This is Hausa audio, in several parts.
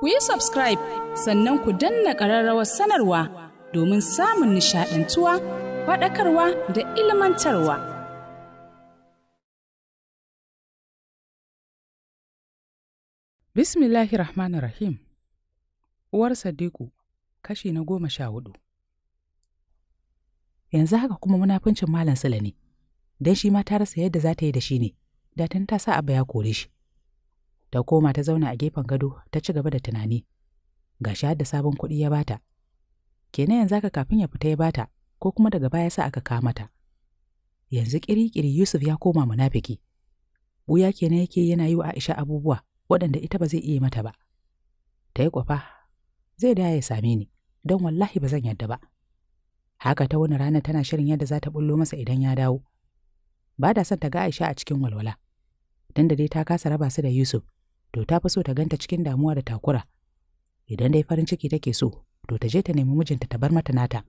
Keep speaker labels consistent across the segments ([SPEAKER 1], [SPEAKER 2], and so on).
[SPEAKER 1] ku yi subscribe sannan ku danna ƙararrawar sanarwa domin samun nishaɗantuwa faɗakarwa da ilmantarwa. Bismillahi Rahmanir Rahim Uwar Sadiku kashi na goma sha hudu Yanzu haka kuma munafincin Malam Sula ne, don shi ma ta rasa yadda za ta yi da shi ne, da ta sa abu ya kore shi. ta koma ta zauna a gefen gado ta ci gaba da tunani gashi shi da sabon kuɗi ya bata kenan yanzu haka kafin ya fita ya bata ko kuma daga baya sa aka kama mata. yanzu kirikiri Yusuf ya koma munafiki buya kenan yake yana yi wa Aisha abubuwa waɗanda ita ba zai iya mata ba ta yi kwafa zai da ya same ni don wallahi ba zan yadda ba haka ta wani rana tana shirin yadda za ta bullo masa idan ya dawo ba da son ta ga Aisha a cikin walwala tunda dai ta kasa raba su da Yusuf to ta fi so ta ganta cikin damuwa da takura. Idan dai farin ciki take so, to ta je ta nemi mijinta ta bar mata nata.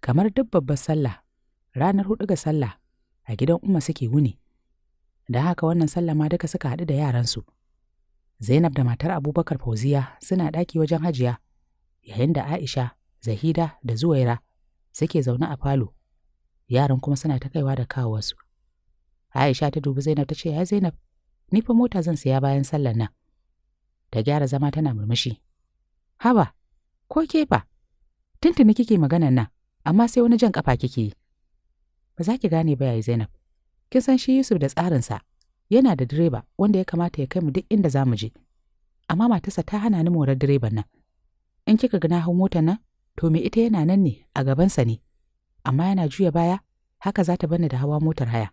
[SPEAKER 1] Kamar duk babbar sallah, ranar hudu ga sallah, a gidan Umma suke wuni. Da haka wannan sallah ma duka suka haɗu da yaransu. Zainab da matar Abubakar Fauziya suna ɗaki wajen Hajiya, yayin da Aisha, Zahida da Zuwaira suke zaune a falo, yaran kuma suna ta kaiwa da kawowarsu. Aisha ta dubi Zainab ta ce, "Ya Zainab, ni fa mota zan siya bayan sallar nan. Ta gyara zama tana murmushi. Haba, ko ke fa? Tuntuni kike maganan nan, amma sai wani jan kafa kike yi. Ba za ki gane ba yayi Zainab. Kin san shi Yusuf da tsarinsa, yana da direba wanda ya kamata ya kai mu duk inda za mu je. Amma matarsa ta hana ni morar direban nan. In kika gina hau motar nan, to me ita yana nan ne a gabansa ne. Amma yana juya baya, haka za ta bani da hawa motar haya.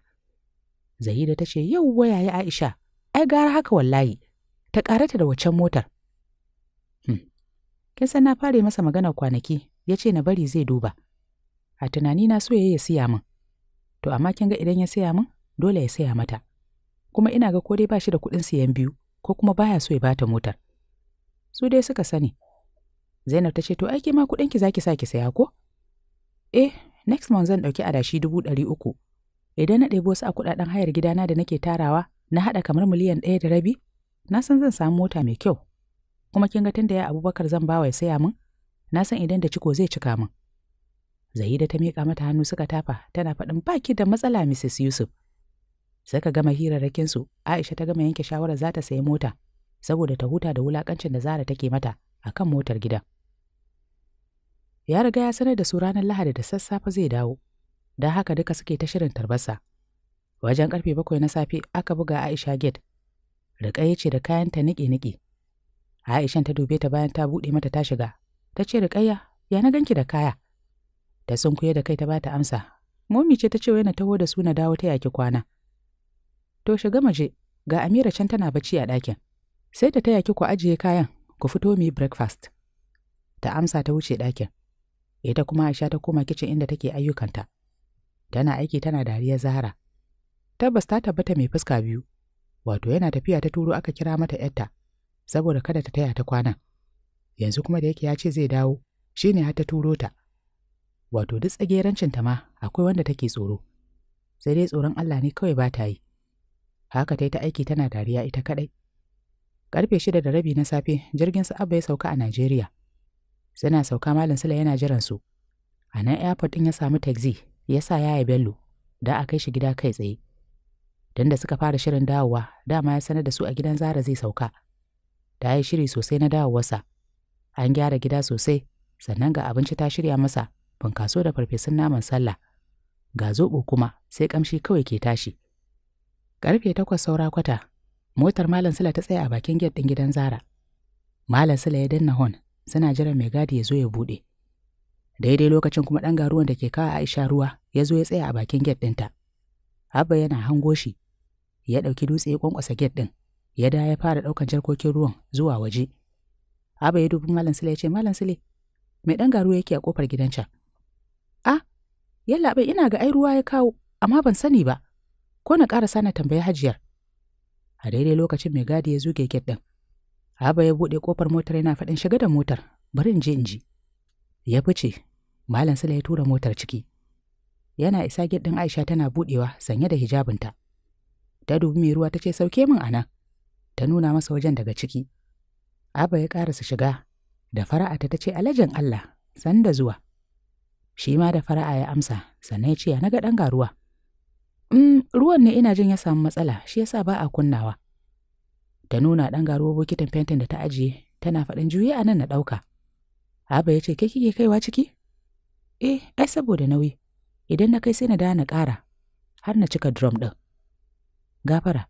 [SPEAKER 1] Zahida ta ce, yau waya ya Aisha, ai gara haka wallahi, ta ta da waccan motar. Hmm. Kin san na fare masa magana kwanaki, ya ce na bari zai duba. A tunani na so ya siya min. To amma kin ga idan ya siya min, dole ya siya mata. Kuma ina ga ko dai ba shi da kuɗin siyan biyu, ko kuma baya so ya bata motar. Su dai suka sani. Zainab ta ce to ai ke ma kuɗinki za ki sa ki saya ko? Eh, next month zan ɗauki adashi dubu ɗari uku. Idan na ɗebi wasu a kuɗaɗen hayar gidana da nake tarawa, na haɗa kamar miliyan ɗaya da rabi na san zan samu mota mai kyau kuma kin ga tunda ya abubakar zan bawa ya saya min na san idan da ciko zai cika min zahida ta miƙa mata hannu suka tafa tana faɗin baki da matsala mrs yusuf suka gama su, aisha ta gama yanke shawarar za ta sayi mota saboda ta huta da wulakancin da zara take mata a kan motar gida. ya riga ya sanar da su ranar lahadi da sassafe zai dawo don haka duka suke ta shirin tarbarsa Wajen karfe bakwai na safe aka buga Aisha gate. ya ce da kayanta niƙe-niƙe. Aishan ta dube ta bayan ta buɗe mata ta shiga. Ta ce rikayya ya na ganki da kaya? Da sunkuye da kai ta bata amsa. Momi ce ta ce yana taho da su na dawo ta yaki kwana. To shiga maje, ga Amira can tana bacci a ɗakin. Sai ta taya ki ku ajiye kayan, ku fito mu yi breakfast. Ta amsa ta wuce ɗakin. Ita kuma Aisha ta koma kicin inda take ayyukanta. Tana aiki tana dariya Zahara. tabbas ta tabbata mai fuska biyu wato yana tafiya ta turo aka kira mata yarta saboda kada ta taya ta kwana yanzu kuma da yake ya ce zai dawo shine har ta turo ta wato duk ta ma akwai wanda take tsoro sai dai tsoron Allah ne kawai ba ta yi haka ta yi ta aiki tana dariya ita kadai karfe shida da rabi na safe jirgin su abba ya sauka a Najeriya suna sauka malam Sula yana jiran su a nan airport din ya samu taxi ya sa yaya Bello da a kai shi gida kai tsaye don da suka fara shirin dawowa dama ya sanar da su a gidan zara zai sauka da ya yi shiri sosai na dawowarsa an gyara gida sosai sannan ga abinci ta shirya masa bunkaso da farfesun naman sallah ga zobo kuma sai ƙamshi kawai ke tashi Karfe takwas saura kwata motar malam sula ta tsaya a bakin gate ɗin gidan zara malam sula ya danna hon suna jiran mai gadi ya zo ya buɗe daidai lokacin kuma ɗan garuwan da ke kawo aisha ruwa ya zo ya tsaya a bakin gate ɗinta abba yana hango shi ya ɗauki dutse ya kwankwasa gate ɗin ya da ya fara ɗaukan jarkokin ruwan zuwa waje aba ya dubi malam sule ya ce malam sule mai ɗan garuwa yake a ƙofar gidan can a ah, yallaɓe ina ga ai ruwa ya kawo amma ban sani ba ko na ƙara sana tambayi hajiyar a daidai lokacin mai gadi ya zuge gate ɗin aba ya buɗe ƙofar motar yana faɗin shiga da motar bari in je in ji ya fice malam sule ya tura motar ciki yana isa gate ɗin aisha tana buɗewa sanye da hijabinta ta dubi mai ruwa ta ce sauke min a nan. ta nuna masa wajen daga ciki Aba ya ƙarasa shiga da fara'a ta ce alajin allah sanda zuwa shi ma da fara'a ya amsa sannan ya ce na ga ɗan garuwa mm, ruwan ne ina jin ya samu matsala shi yasa ba a kunnawa ta nuna ɗan garuwa bokitin fentin da ta ajiye tana faɗin juyi a nan na ɗauka Aba ya ce ke kike kaiwa ciki eh ai saboda nauyi idan na kai sai na da na ƙara har na cika drum ɗin Gafara,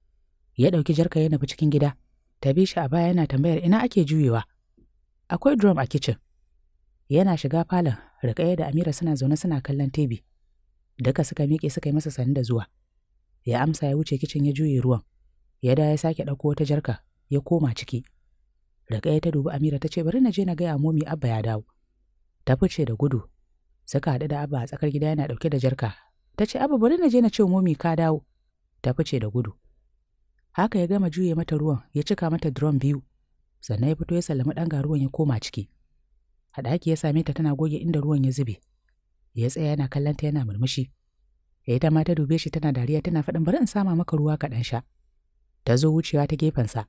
[SPEAKER 1] ya ɗauki jarka ya nufi cikin gida, ta bi shi a baya yana tambayar ina ake juyewa. Akwai drum a kicin. Yana shiga falon, rikaye da Amira suna zaune suna kallon TV. Duka suka miƙe suka yi masa sani da zuwa. Ya amsa ya wuce kicin ya juye ruwan. Ya da ya sake ɗauko wata jarka, ya koma ciki. Rukaiya ta dubi Amira ta ce bari na je na gaya momi Abba ya dawo. Ta fice da gudu. Suka haɗu da Abba a tsakar gida yana ɗauke da jarka. Ta ce Abba bari na je na ce momi ka dawo. ta fice da gudu haka ya gama juye mata ruwan ya cika mata drum biyu sannan ya fito ya sallami ɗan garuwan ya koma ciki haɗaki ya same ta tana goge inda ruwan ya zube ya tsaya yana kallon yana murmushi ya ita ma ta dube shi tana dariya tana faɗin bari in sama maka ruwa kaɗan sha ta zo wucewa ta gefensa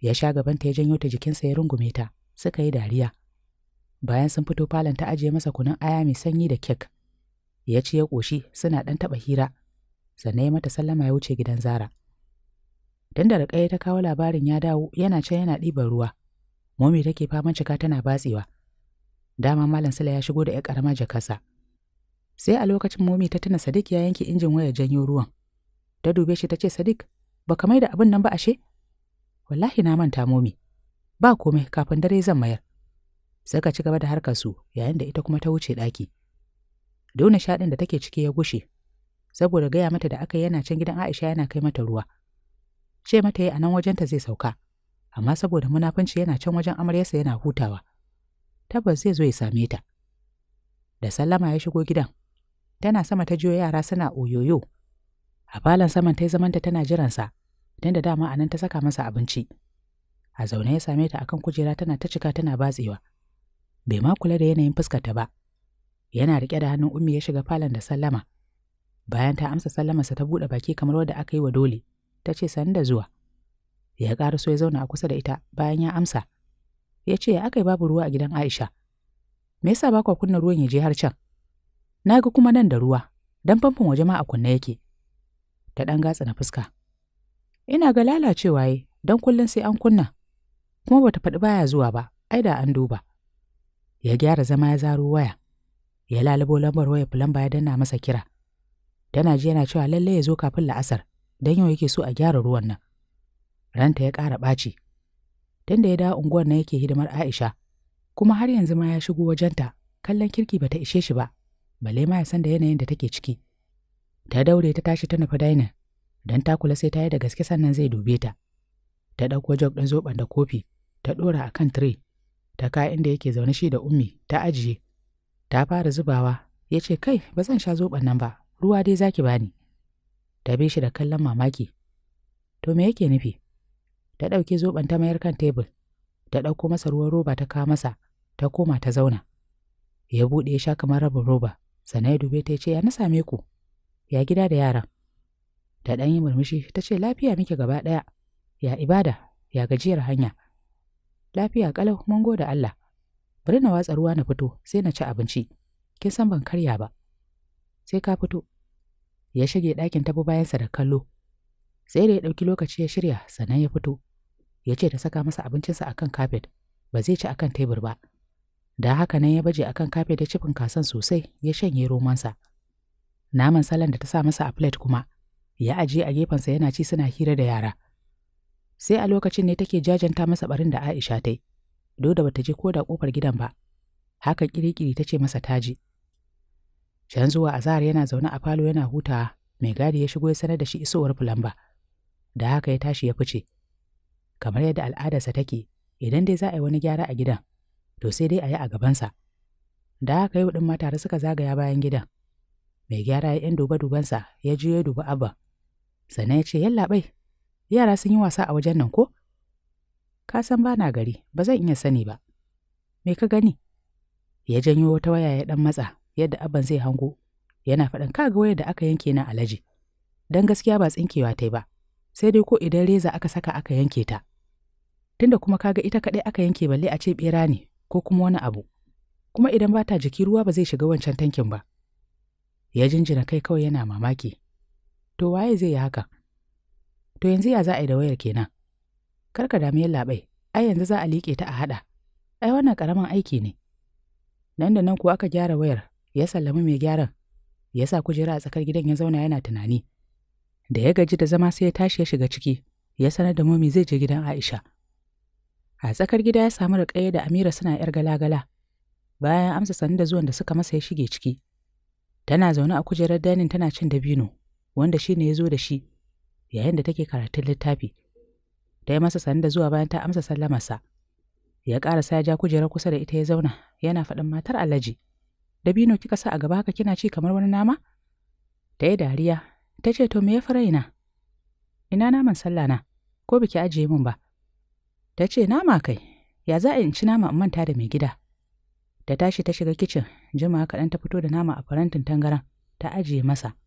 [SPEAKER 1] ya sha gaban ta ya janyo ta jikinsa ya rungume ta suka yi dariya bayan sun fito falon ta ajiye masa kunun aya mai sanyi da kek ya ci ya ƙoshi suna ɗan taɓa hira sannan ya mata sallama ya wuce gidan Zara. Dan da ta kawo labarin ya dawo yana can yana ɗiban ruwa. Momi take faman cika tana batsewa. Dama Malam Sula ya shigo da ‘yar ƙarama jakasa. Sai a lokacin Momi ta tuna Sadiq ya yanke injin wayar janyo ruwan. Ta dube shi ta ce Sadiq, ba ka mai da abin nan ba ashe? Wallahi na manta Momi. Ba komai kafin dare zan mayar. Sai ka ci gaba da harkar su yayin da ita kuma ta wuce ɗaki. Dauna shaɗin da take ciki ya gushe, saboda gaya mata da aka yana can gidan Aisha yana kai mata ruwa. Ce mata yi a nan wajenta zai sauka, amma saboda munafunci yana can wajen amaryarsa yana hutawa. Tabbas zai zo ya same ta. Da sallama ya shigo gidan, tana sama ta jiyo yara suna oyoyo. A falon saman ta yi zamanta tana jiransa, don da dama a nan ta saka masa abinci. A zaune ya same ta akan kujera tana ta cika tana batsewa. Bai ma kula da yanayin fuskarta ba. Yana riƙe da hannun ummi ya shiga falon da sallama. Bayan ta amsa sallamarsa ta buɗe baki kamar wadda aka yi wa dole, ta ce sani da zuwa. Ya ƙara so ya zauna a kusa da ita bayan ya amsa. Ya ce ya aka yi babu ruwa a gidan Aisha. Me yasa ba kwa kunna ruwan ya je har can? Na ga kuma nan da ruwa, dan famfon waje ma a kunne yake. Ta ɗan gatsa na fuska. Ina ga lalacewa yi, don kullum sai an kunna. Kuma bata faɗi baya zuwa ba, ai da an duba. Ya gyara zama ya zaro waya. Ya lalabo lambar waya lamba ya danna masa kira. Tana ji yana cewa lalle ya zo kafin la'asar, don yau yake so a gyara ruwan nan. Ranta ya ƙara ɓaci. Tun da ya dawo unguwar nan yake hidimar Aisha, kuma har yanzu ma ya shigo wajenta, kallon kirki bata ishe shi ba, balle ma ya san da yanayin da take ciki. Ta daure ta tashi ta nufi dainin, don ta kula sai ta yi da gaske sannan zai dube ta. Ta ɗauko jog ɗin zoben da kofi, ta ɗora a kan tire, ta ka inda yake zaune shi da ummi, ta ajiye. Ta fara zubawa, ya ce kai ba zan sha zoɓon nan ba, ruwa dai zaki bani. Tabe shi da kallon mamaki. To me yake nufi? Ta ɗauki zoben ta mayar kan tebul, ta ɗauko masa ruwan roba ta kawo masa, ta koma ta zauna. Ya buɗe ya sha kamar rabin roba, sannan ya dube ta ya ce ya na same ku, ya gida da yaran. Da ɗan yi murmushi ta ce lafiya muke gaba ɗaya, ya ibada, ya gajiyar hanya. Lafiya ƙalau mun gode Allah. Bari na watsa ruwa na fito sai na ci abinci. Kin san ban karya ba. sai ka fito. Ya shige ɗakin tafi bayansa da kallo. Sai da ya ɗauki lokaci ya shirya sannan ya fito. Ya ce ta saka masa abincinsa akan kafet, ba zai ci akan tebur ba. Da haka nan ya baje akan kafet ya cifin kasan sosai ya shanye romansa. Naman salon da ta sa masa a plate kuma, ya ajiye a gefensa yana ci suna hira da yara. Sai a lokacin ne take jajanta masa barin da Aisha ta yi, do da bata je ko da kofar gidan ba. Haka kirikiri ta ce masa taji. Can zuwa azahar yana zaune a falo yana hutawa, mai gadi ya shigo ya sanar da shi isowar fulamba. Da haka ya tashi ya fice. Kamar yadda al'adarsa take, idan dai za a yi wani gyara a gidan, to sai dai a yi a gabansa. Da haka yau ɗin matare suka zagaya bayan gidan. Mai gyara ya ‘yan duba-dubansa ya je ya duba abba. Sannan ya ce, yallaɓai, yara sun yi wasa a wajen nan ko? Ka san ba na gari, ba zan iya sani ba. Me ka gani? Ya janyo wata waya ya ɗan matsa, yadda abban zai hango yana faɗin kaga wayar da aka yanke na alaji dan gaskiya ba tsinkewa ta ba sai dai ko idan reza aka saka aka yanke ta tunda kuma kaga ita kaɗai aka yanke balle a ce ɓera ne ko kuma wani abu kuma idan ba ta jiki ruwa ba zai shiga wancan tankin ba ya jinjina kai kawai yana mamaki to waye zai yi haka to yanzu ya za a yi da wayar kenan kar ka dami yallaɓai. ai yanzu za a liƙe ta a haɗa ai wannan ƙaramin aiki ne nan da nan ko aka gyara wayar ya sallami mai gyaran, ya sa kujera a tsakar gidan ya zauna yana tunani. Da ya gaji da zama sai ya tashi ya shiga ciki, ya sanar da momi zai je gidan Aisha. A tsakar gida ya samu Rukayya da Amira suna ‘yar galagala, bayan amsa sani da zuwan da suka masa ya shige ciki. Tana zaune a kujerar danin tana cin dabino, wanda shi ne ya zo da shi, yayin da take karatun littafi. Ta yi masa sani da zuwa bayan ta amsa sallamarsa. Ya ƙarasa ya ja kujerar kusa da ita ya zauna, yana faɗin matar alhaji. dabino kika sa a gaba haka kina ci kamar wani nama ta yi dariya ta ce to me ya fara ina ina naman sallah na ko biki ajiye min ba ta ce nama kai ya za a in ci nama in manta da mai gida ta tashi ta shiga kicin jima kaɗan ta fito da nama a farantin tangaran ta ajiye masa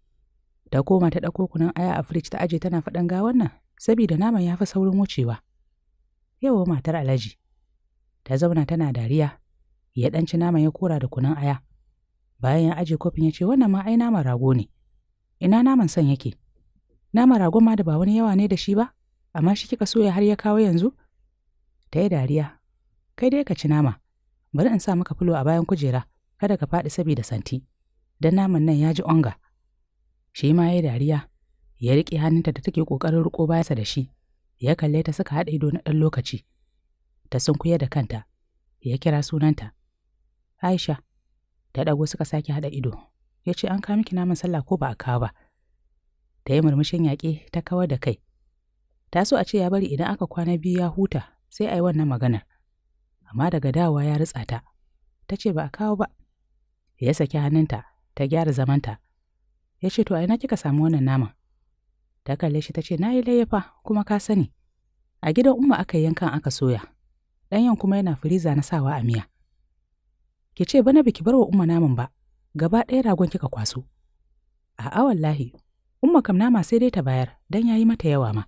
[SPEAKER 1] ta koma ta ɗauko kunan aya a firij ta ajiye tana faɗan ga wannan sabida naman ya fi saurin wucewa yawa matar alaji ta zauna tana dariya ya ɗanci ci naman ya kora da kunan aya Bayan ya aje kofin ya ce wannan ma ai nama rago ne. Ina naman son yake? Nama rago ma da ba wani yawa ne da shi ba, amma shi kika soya har ya kawo yanzu? Ta yi dariya. Kai dai ka ci nama. Bari in sa maka filo a bayan kujera, kada ka faɗi saboda santi. Dan naman nan ya ji onga. Shi ma ya yi dariya. Ya riƙe hannunta da take ƙoƙarin riƙo bayansa da shi. Ya kalle ta suka haɗa ido na ɗan lokaci. Ta sunkuya da kanta. Ya kira sunanta. Aisha. ta dago suka sake haɗa ido ya ce an kawo miki naman sallah ko ba a kawo ba ta yi murmushin yaƙe ta kawar da kai ta so a ce ya bari idan aka kwana biyu ya huta sai a yi wannan magana. amma daga dawa ya ritsa ta ta ce ba a kawo ba ya saki hannunta ta gyara zamanta ya ce to a ina kika samu wannan naman ta kalle shi ta ce na yi layyafa kuma ka sani a gidan umma aka yankan aka soya ɗanyen kuma yana firiza na sawa a miya Ki ce bana biki bar wa umma naman ba, gaba ɗaya ragon kika kwaso. A'a wallahi, umma kam nama sai dai ta bayar, dan yayi mata yawa ma.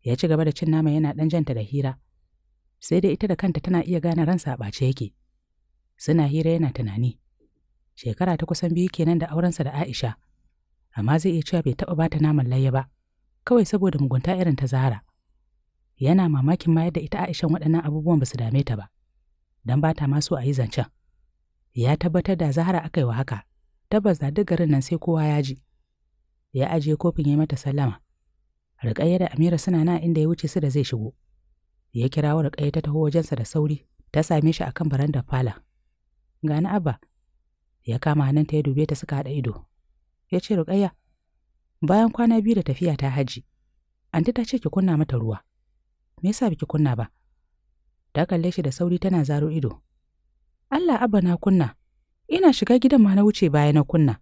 [SPEAKER 1] Ya ci gaba da cin nama yana ɗan janta da hira. Sai dai ita da kanta tana iya gane ransa a ɓace yake. Suna hira yana tunani. Shekara ta kusan biyu kenan da aurensa da Aisha, amma zai iya cewa bai taɓa bata naman layya ba, kawai saboda mugunta irin ta Zahara. yana mamakin ma yadda ita Aishan waɗannan abubuwan ba su dame ta ba, Dan bata ma so a yi zancen. ya tabbatar da zahara aka yi wa haka tabbas da duk garin nan sai kowa ya ji ya ajiye kofin ya mata sallama rikayya da Amira suna na inda ya wuce su da zai shigo ya kirawo Rukayya ta taho wajensa da sauri ta same shi akan barandar fala gani abba ya kama hannunta ya dube ta suka haɗa ido ya ce Rukayya bayan kwana biyu da tafiya ta hajji. anti ta ce ki kunna mata ruwa me yasa biki kunna ba ta kalle shi da sauri tana zaro ido Allah abba na kunna, ina shiga gidan ma na wuce baya na kunna.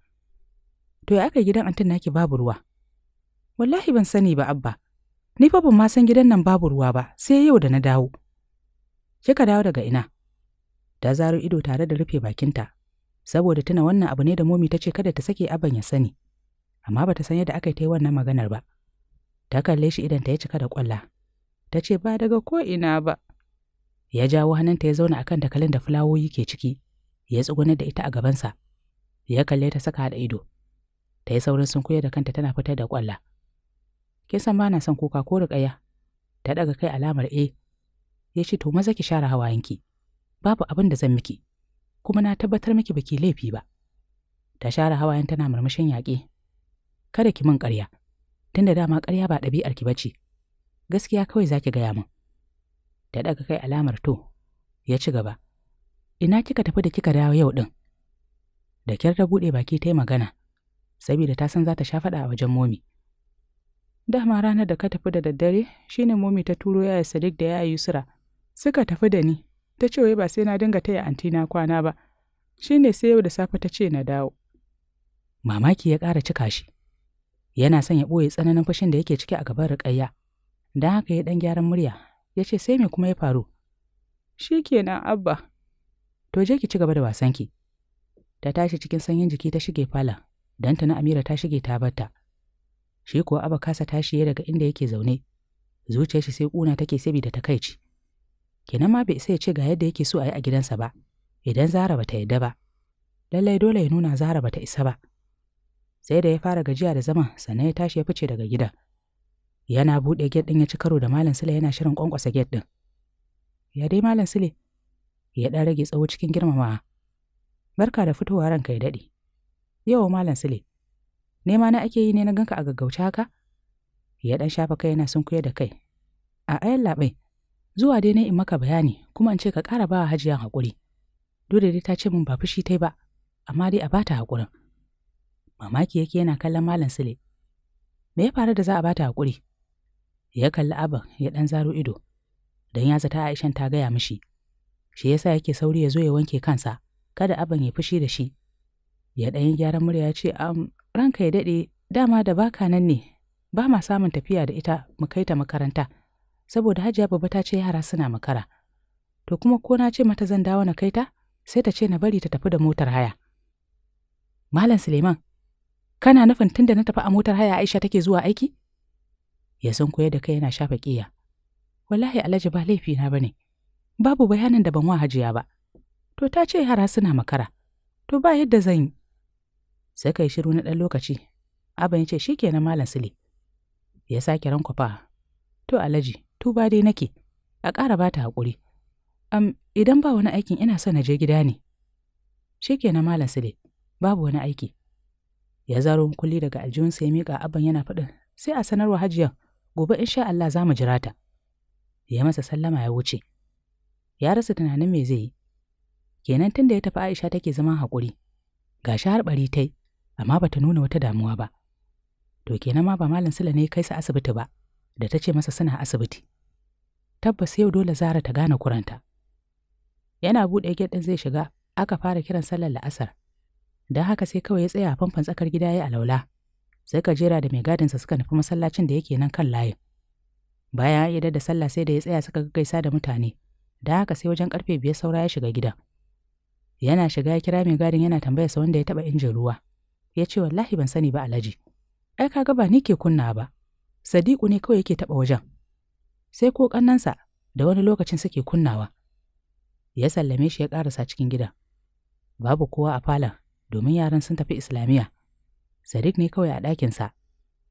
[SPEAKER 1] To ya aka gidan antin naki babu ruwa? Wallahi ban sani ba abba, ni fa ban ma san gidan nan babu ruwa ba sai yau da na dawo. Kika dawo daga ina? Ta zaro ido tare da rufe bakinta, saboda tana wannan abu ne da momi ta ce kada ta sake aban ya sani, amma ba ta san yadda aka yi ta yi wannan maganar ba. Ta kalle shi idan ta ya cika da kwalla. Ta ce ba daga ko ina ba, ya jawo hannunta ya zauna akan dakalin da fulawoyi ke ciki ya tsugunar da ita a gabansa ya kalle ta saka da ido ta yi saurin sunkuya da kanta tana fitar da kwalla kin san bana son kuka ko riƙaya ta daga kai alamar e ya ce to maza ki share hawayenki babu abin da zan miki kuma na tabbatar miki baki laifi ba ta share hawayen tana murmushin yaƙe kada ki min ƙarya tunda dama ƙarya ba ɗabi'ar ki bace gaskiya kawai zaki gaya min da daga kai alamar to, ya ci gaba. Ina kika tafi da kika dawo yau ɗin? Da kyar ta buɗe baki ta yi magana, saboda ta san za ta sha faɗa a wajen momi. Dama ranar da ka tafi da daddare shine momi ta turo yaya Sadiq da yaya Yusra. Suka tafi da ni, ta ce wai ba sai na dinga taya anti na kwana ba. shine sai yau da safe ta ce na dawo. Mamaki ya ƙara cika shi. Yana son ya ɓoye tsananin fushin da yake ciki a gaban riƙayya. Don haka ya ɗan gyaran murya ya ce sai me kuma ya faru shi kenan abba to je ki ci gaba da wasanki ta tashi cikin sanyin jiki ta shige fala don ta na amira ta shige ta batta shi kuwa abba kasa tashi ya daga inda yake zaune zuciyar shi sai kuna take da takaici kenan ma bai sai ya ce ga yadda yake so a yi a gidansa ba idan zara bata yadda ba lallai dole ya nuna zara bata isa ba sai da ya fara gajiya da zama sannan ya tashi ya fice daga gidan yana buɗe get ɗin ya ci karo da Malam Sule yana shirin ƙwanƙwasa get ɗin. Ya dai Malam Sule, ya ɗan rage tsawo cikin girmama. Barka da fitowa ranka ya daɗe. yau Malam Sule, nema na ake yi ne na ganka a gaggauce haka? Ya ɗan shafa kai yana sunkuya da kai. A ayan zuwa dai na in maka bayani kuma in ce ka ƙara bawa hajiyan haƙuri. Dole dai ta ce min ba fushi tai ba, amma dai a bata haƙurin. Mamaki yake yana kallon Malam Sule. Me ya faru da za a bata haƙuri? ya kalli abin ya ɗan zaro ido don ya zata aishan ta gaya mishi shi yasa yake sauri ya zo ya wanke kansa kada abin ya fushi da shi ya ɗan yi gyaran murya ya ce um, ranka ya daɗe dama da baka nan ne ba ma samun tafiya da ita mu kai ta makaranta saboda hajiya babba ta ce yara suna makara to kuma ko na ce mata zan dawo na kai ta sai ta ce na bari ta tafi da motar haya malam suleiman kana nufin tunda na tafi a motar haya aisha take zuwa aiki ya san koyar da kai yana shafa ƙiya. Wallahi Alhaji ba laifina ba ne, babu bayanin da ban wa hajiya ba. To ta ce yara suna makara, to ba yadda zan yi. Sai kai shiru na ɗan lokaci, Aban ya ce shi kenan Malam Sule. Ya sake rankwafa, to Alhaji, tuba dai nake, a ƙara ba ta haƙuri. Am, idan ba wani aikin ina son na je gida ne. Shi kenan Malam Sule, babu wani aiki. Ya zaro kulli daga aljihunsa ya miƙa Aban yana faɗin, sai a sanarwa hajiyan gobe in sha Allah za mu jira ta. Ya masa sallama ya wuce. Ya rasa tunanin me zai yi. Kenan tun da ya tafi Aisha take zama haƙuri. Ga shi har ɓari ta yi, amma bata nuna wata damuwa ba. To kenan ma ba Malam Sula ne kai su asibiti ba, da ta ce masa suna asibiti. Tabbas yau dole Zara ta gane kuranta. Yana buɗe gate ɗin zai shiga, aka fara kiran sallar la'asar. Don haka sai kawai ya tsaya a fanfan tsakar gida ya alaula, sai kajera da mai gadinsa suka nufi masallacin da yake nan kan layin. Bayan ya da sallah sai da ya tsaya suka gaisa da mutane, da haka sai wajen karfe biyar saura ya shiga gida. Yana shiga ya kira mai gadin yana tambayarsa wanda ya taɓa injin ruwa. Ya ce wallahi ban sani ba alhaji. Ai kaga ba ni ke kunna ba. Sadiku ne kawai yake taɓa wajen. Sai ko kannansa da wani lokacin suke kunnawa. Ya sallame shi ya ƙarasa cikin gida. Babu kowa a falon domin yaran sun tafi Islamiyya. Sadiq ne kawai a ɗakinsa,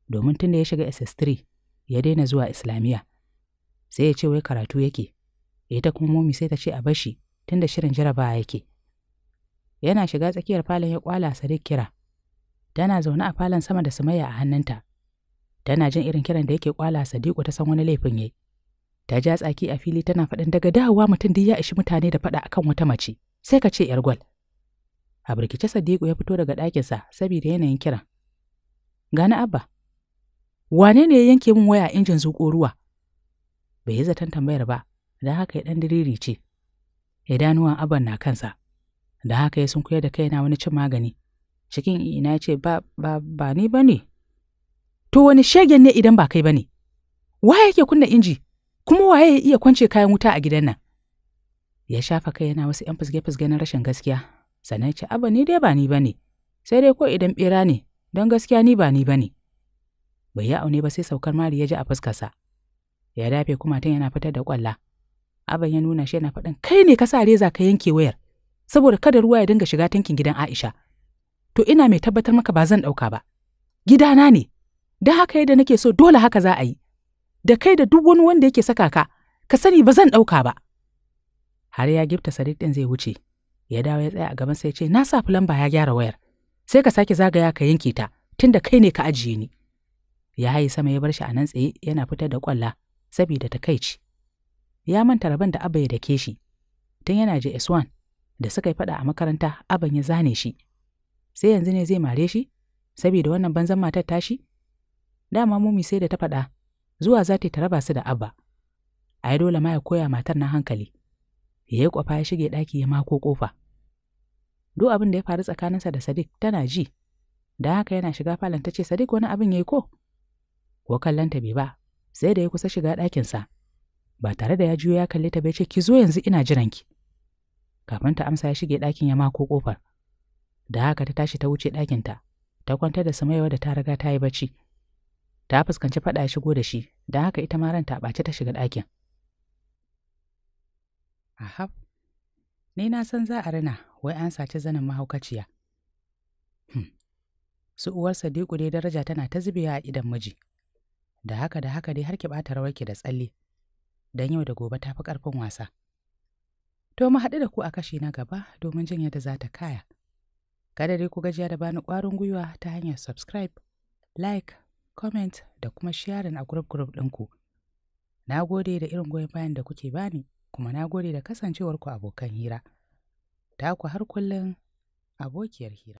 [SPEAKER 1] domin tun da ya shiga SS3 ya daina zuwa Islamiyya. Sai ya ce wai karatu yake, ta kuma momi sai ta ce a bashi tun da shirin jarabawa yake. Yana shiga tsakiyar falon ya kwala Sadiq kira. Tana zaune a falon sama da sumayya a hannunta. Tana jin irin kiran da yake kwala Sadiku ta san wani laifin yayi. Ta ja tsaki a fili tana faɗin daga dawowa mutum duk ya ishi mutane da faɗa akan wata mace, sai ka ce 'yar gwal. A birkice Sadiku ya fito daga ɗakinsa saboda yanayin kiran. Gana Abba, wane ne ya yanke min waya injin zuƙo ruwa? Bai yi zaton tambayar ba, da haka ya ɗan diriri ce. Idanuwan Abban na kansa, da haka ya sunkuya da kaina wani cin magani. Cikin ina ce ba ba ba ni ba ne. To wani shegen ne idan ba kai ba ne? Waye yake kunna inji? Kuma waye ya iya kwance kayan wuta a gidan nan? Ya shafa kai yana wasu ‘yan fusge-fusge na rashin gaskiya sannan ce abu ni dai ba ni ba ne sai dai ko idan ɓera ne don gaskiya ni ba ni ba ne bai ya aune ba sai saukar mari ya ji a fuskarsa ya dafe kuma tun yana fitar da kwalla abin ya nuna shi yana faɗin kai ne ka sa reza ka yanke wayar saboda kada ruwa ya dinga shiga tankin gidan aisha to ina mai tabbatar maka ba zan ɗauka ba gidana ne da haka yadda nake so dole haka za a yi da kai da duk wani wanda yake saka ka ka sani ba zan ɗauka ba har ya gifta sadiq ɗin zai wuce ya dawo ya tsaya a gaban sai ce na sa fulamba ya gyara wayar sai ka sake zagaya ka yanke ta tunda kai ne ka ajiye ni ya haye sama ya bar shi a nan tsaye yana fitar da kwalla saboda ci ya manta rabon da abba ya dake shi tun yana je S1 da suka yi fada a makaranta aban ya zane shi sai yanzu ne zai mare shi saboda wannan banzan matar tashi dama mumi sai da ta faɗa zuwa za ta raba su da abba a dole ma ya koya matar na hankali ya yi kwafa ya shige ɗaki ya mako ƙofa. Duk abin da ya faru tsakaninsa da Sadiq tana ji, da haka yana shiga falon ta ce Sadiq wani abin ya yi ko? Ko kallonta bai ba, sai da ya kusa shiga ɗakinsa, ba tare da ya juyo ya kalle ta bai ce ki zo yanzu ina jiranki. Kafin ta amsa ya shige ɗakin ya mako ƙofar. Da haka ta tashi ta wuce ɗakinta, ta kwantar da samaiwa da ta riga ta yi bacci. Ta fuskanci faɗa ya shigo da shi, da haka ita ma ranta a ɓace ta shiga ɗakin. Ahab, ni na san za a rina wai an saci zanin mahaukaciya. Hmm. Su uwar Sadiku dai daraja tana ta zubewa a idan miji. Da haka da haka dai har ki ɓata rawarki da tsalle, dan yau da gobe ta fi ƙarfin wasa. To mu haɗu da ku a kashi na gaba domin jin yadda za ta kaya. Kada dai ku gajiya da bani ƙwarin gwiwa ta hanyar subscribe, like, comment da kuma sharing a group group ɗinku. Na gode da irin goyon bayan da kuke bani. kuma na gode da kasancewarku abokan hira. Ta ku har kullum abokiyar hira.